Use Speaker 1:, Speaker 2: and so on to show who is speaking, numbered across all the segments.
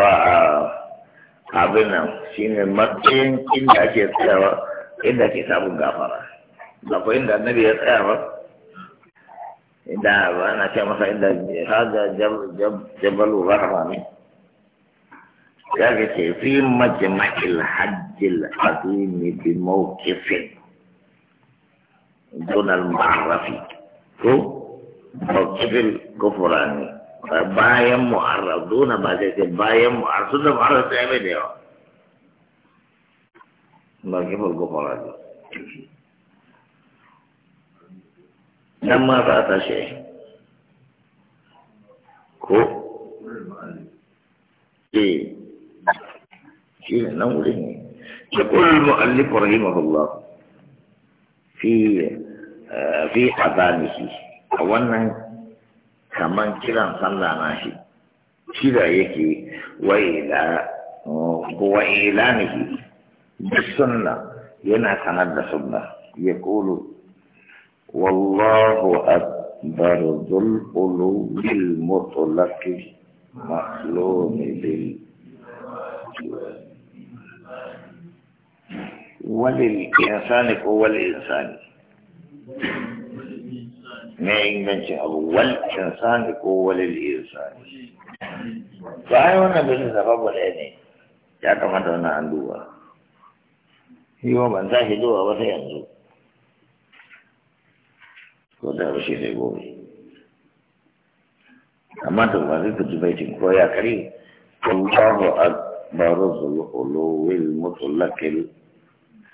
Speaker 1: tsayawa a abin nan shine matsayin inda ake tsayawa inda ake samun gafara akwai inda annabi ya tsaya ba inda ana ce masa inda haza jabalu rahama ne ya ga ce fi majma'il hajjil azimi bi mawqifin دون المعرفي ko mawqifil gufrani بايم معرف دون بايم بايم معرف دون معرف تعمل ديو ما كيف القفر هذا لما رأت شيء كو جي شيء نوري يقول المؤلف رحمه الله في آه، في حضانه أولا kaman kiran sallah na shi shida yake waila wa ilanihi bis sunna yana sanar da sunna ya kulu wallahu akbar dhul ulubil mutlaqi maklumi bil walil insani ko walil insani na inganci abu walcin sani ko walil iya sani ba a yi wannan bisa ya kamata wannan an duba yi wa ba sai yanzu ko da ba shi sai gobe amma to ba zai fi baitin ko ya kare ko ya ba a baro zulu'ulu wil mutulakil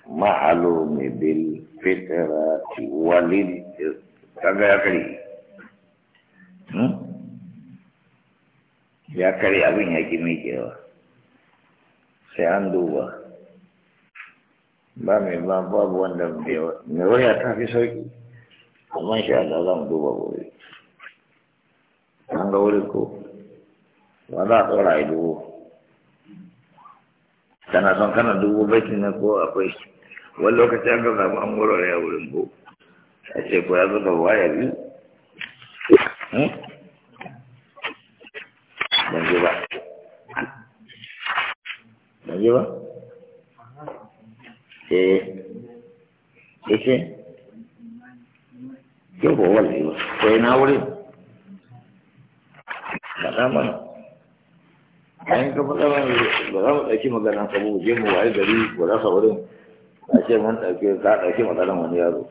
Speaker 1: ma'alumi bil kaga ya kare ya kare abin ya ƙi mai sai an duba ba mai ba babu wanda mai waya ta fi sauƙi amma shi Allah za mu duba gobe an ga wuri ko ba za a tsora a dubu kana son kana dubu bakin na ko akwai wani lokacin an ga zaɓi an wurare a wurin ko a ce ku ya zuba waya biyu hmm? ban ji ba ban ji ba eh ike yau ba ina wurin ba an ka faɗa mana ba za mu je mu waye gari ba za ka a ce mun ɗauke za a maganar wani yaro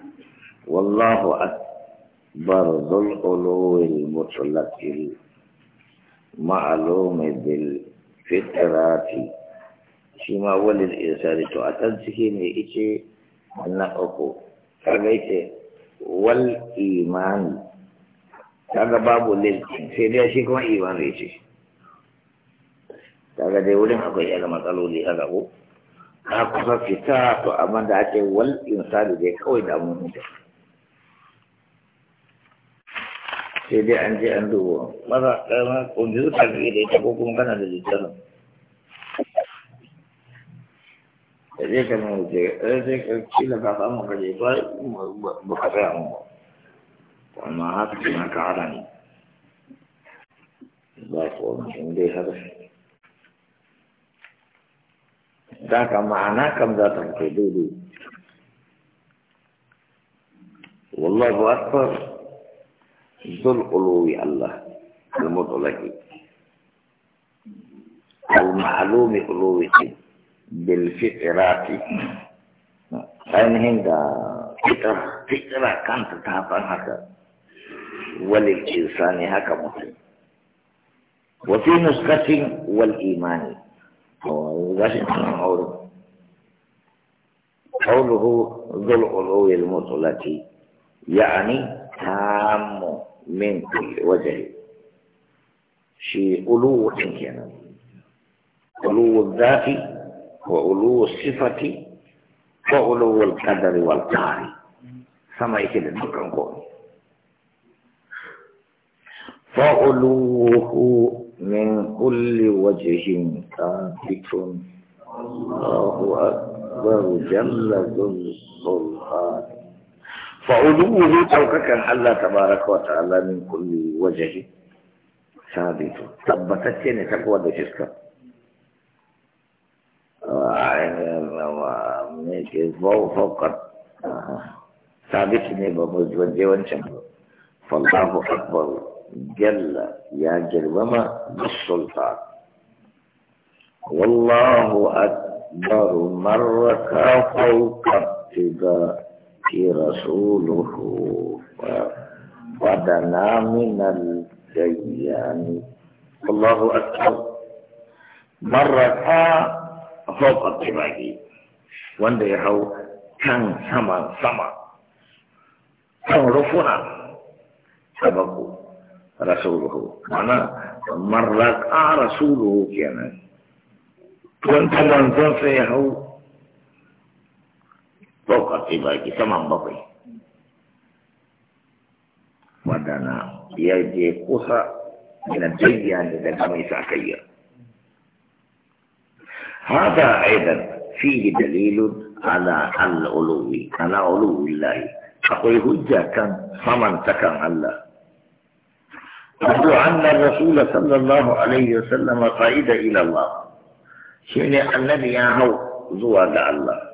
Speaker 1: والله أكبر ذو العلو المطلق المعلوم بالفطرات شما ولد إنسان تؤتنسكي إيشي أن أكو كغيتي والإيمان kaga babu lilkin sai dai shi kuma iman zai ce kaga dai wurin akwai yaga matsaloli haka ko ka kusa fita to amma da ake wal insani dai kawai damu mutum sai dai an je an dubo mara kwamfuta ita ko kuma kana da da zai ka wuce ɗaya ba ka tsaya mu amma haka ne ba ko dai da ka ma'ana kam za ta fito daidai wallahu akbar ذو الألوي الله المدعلكي المعلوم ألوه بالفقرات فإن هنگا فقرة فقرة كانت تحفظ هكا وللإنسان هكا مطلق وفي نسخة والإيمان وغسن سنحور قوله ذو الألوه المطلق يعني تام min kulli wajhi shi uluwu din kenan uluwu dhati wa uluwu sifati wa uluwu al-qadari wal qari sama yake da dukkan فعلوه من كل وجه ثابت الله أكبر جل ذو السلطان فعلوه توكك الله تبارك وتعالى من كل وجه ثابت ثبتت يعني تقوى دشكا فوق ثابت نبوجه وانشم فالله أكبر جل يا جل وما بالسلطان والله أكبر مرة فوق ابتداء رسوله ودنا من الجيان الله أكبر مرة فوق الطباقي wanda ya hau kan sama sama kan rufuna sabaku rasuluhu mana marraka rasuluhu kenan tuwan ta manzon sai ya hau فوق الطباق ثمان بطي ودنا يجي قصى من الدنيا لدى ميساكية هذا أيضا فيه دليل على العلو على علو الله أقول هجة كان فمن تكن الله أقول أن الرسول صلى الله عليه وسلم قائد إلى الله شيني النبي يهو زوى الله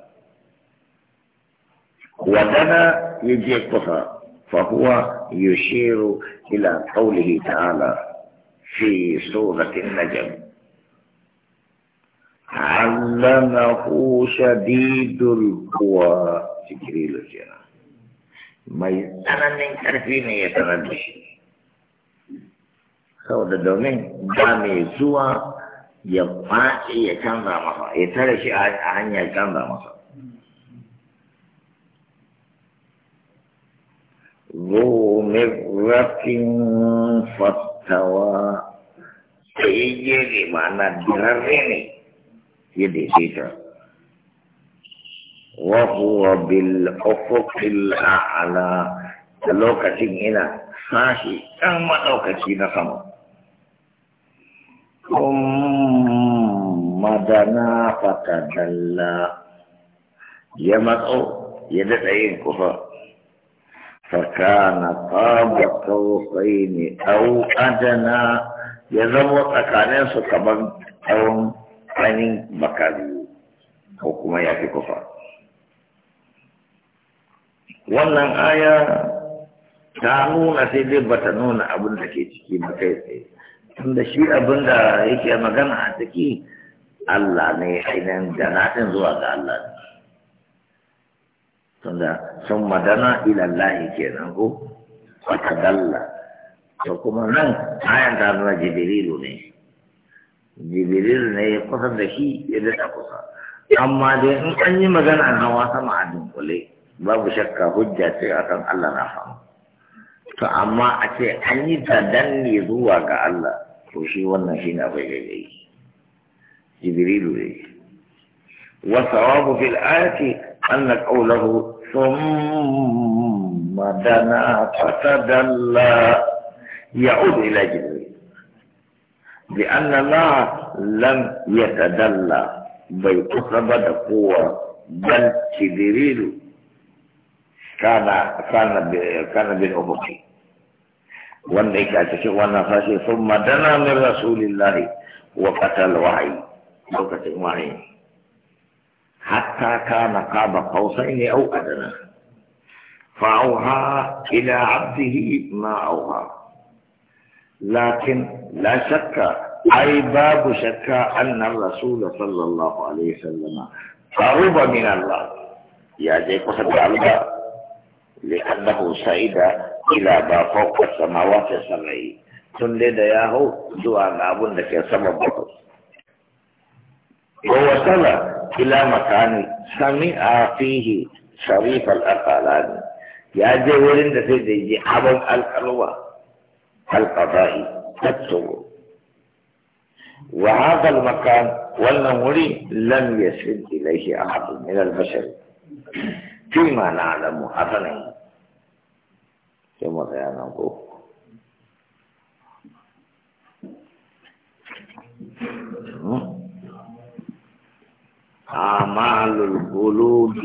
Speaker 1: ودنا يجيقها فهو يشير إلى قوله تعالى في سورة النجم علمه شديد القوى تجريل الجنة ما يتنن كرفين يتنن saboda domin ba mai zuwa ya faɗi ya canza masa ya tare shi a hanyar canza masa ذو مرة فاستوى سيجي mana دررني يدي سيتا وهو بالأفق da lokacin ina sashi ɗan maɗaukaci na sama. madana fatadalla ya matso ya daɗa yin kufa فكان قاب قوسين ya أدنى tsakanin su kamar tsawon tsanin بكاليو ko kuma ya fi kofa, wannan aya ta nuna sai dai ba ta nuna abin da ke ciki ba kai tsaye tunda shi abin da yake magana a ciki Allah ne ainihin da zuwa ga Allah ne tunda sun madana ilallahi kenan ko wata dalla to kuma nan ayan ta zama jibrilu ne jibrilu ne ya kusa da shi ya daɗa kusa amma dai in an yi magana a hawa sama a dunkule babu shakka hujja ce a kan Allah na famu to amma a ce an yi danne zuwa ga Allah to shi wannan shi na bai daidai jibrilu ne Wasu sawabu fil ayati أن قوله ثم دنا فتدلى يعود إلى جبريل لأن الله لم يتدلى بيتصب قوة بل جبريل كان كان كان بالأفقي wanda yake a cikin wannan sashe sun madana min rasulillahi wa qatal lokacin wahyi حتى كان قاب قوسين أو أدنى فأوها إلى عبده ما أوها لكن لا شك أي باب شك أن الرسول صلى الله عليه وسلم قرب من الله يا جيك الله لأنه سعيد إلى ما فوق السماوات السبعي تنلد ياهو دعا نابون لك سبب ووصل إلى مكان سمع فيه شريف الاقالان يا جولين ده سيدي عبد القلوة القضاء تكتب وهذا المكان والنموري لم يسد إليه أحد من البشر فيما نعلم حسنا كما سينقول amalul qulubi